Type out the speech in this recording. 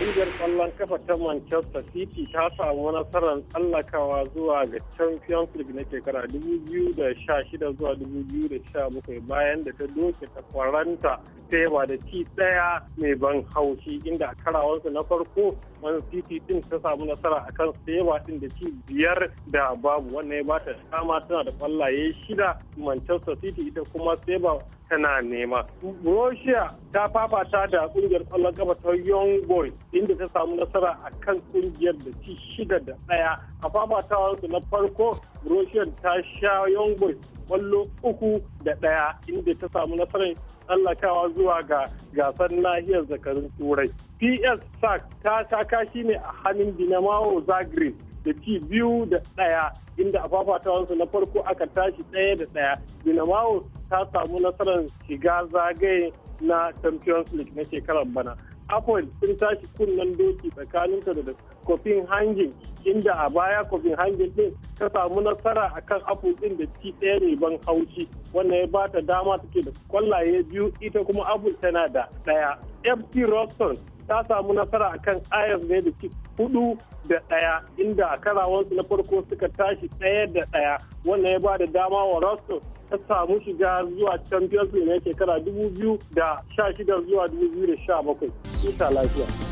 Ƙungiyar kwallon kafa ta Manchester City ta samu nasarar tsallakawa zuwa ga Champions League na shekara 2016 zuwa 2017 bayan da ta doke ta kwaranta teba da ci daya mai ban haushi inda a karawansu na farko Man City din ta samu nasara a kan din da ci biyar da babu wannan ya bata dama tana da kwallaye shida Manchester City ita kuma teba tana nema. Russia ta fafata da ƙungiyar kwallon kafa ta Young Boys inda ta samu nasara a kan kungiyar da ci shida da daya a fafatawa da na farko russia ta sha yongo kwallo uku da daya inda ta samu nasarar tsallakawa zuwa ga gasar nahiyar zakarin turai ps sac ta taka shi ne a hannun dinamawo zagreb da ci biyu da daya inda a fafatawansu na farko aka tashi daya da daya dinamawo ta samu nasarar shiga zagaye na champions league na shekarar bana apple sun tashi kunnen doki tsakaninta da kofin hangin inda a baya kofin hangin din ta samu nasara a kan din da ci ɗaya ne ban haushi wanda ya ba ta dama take da kwallaye biyu ita kuma apu tana da ɗaya fc rockson ta samu nasara a kan ayas ne da ci hudu da ɗaya inda a karawansu na farko suka tashi ɗaya da ɗaya wanda ya ba da dama wa rockson ta samu shiga zuwa champions league na shekara 2016 zuwa 2017 ita lafiya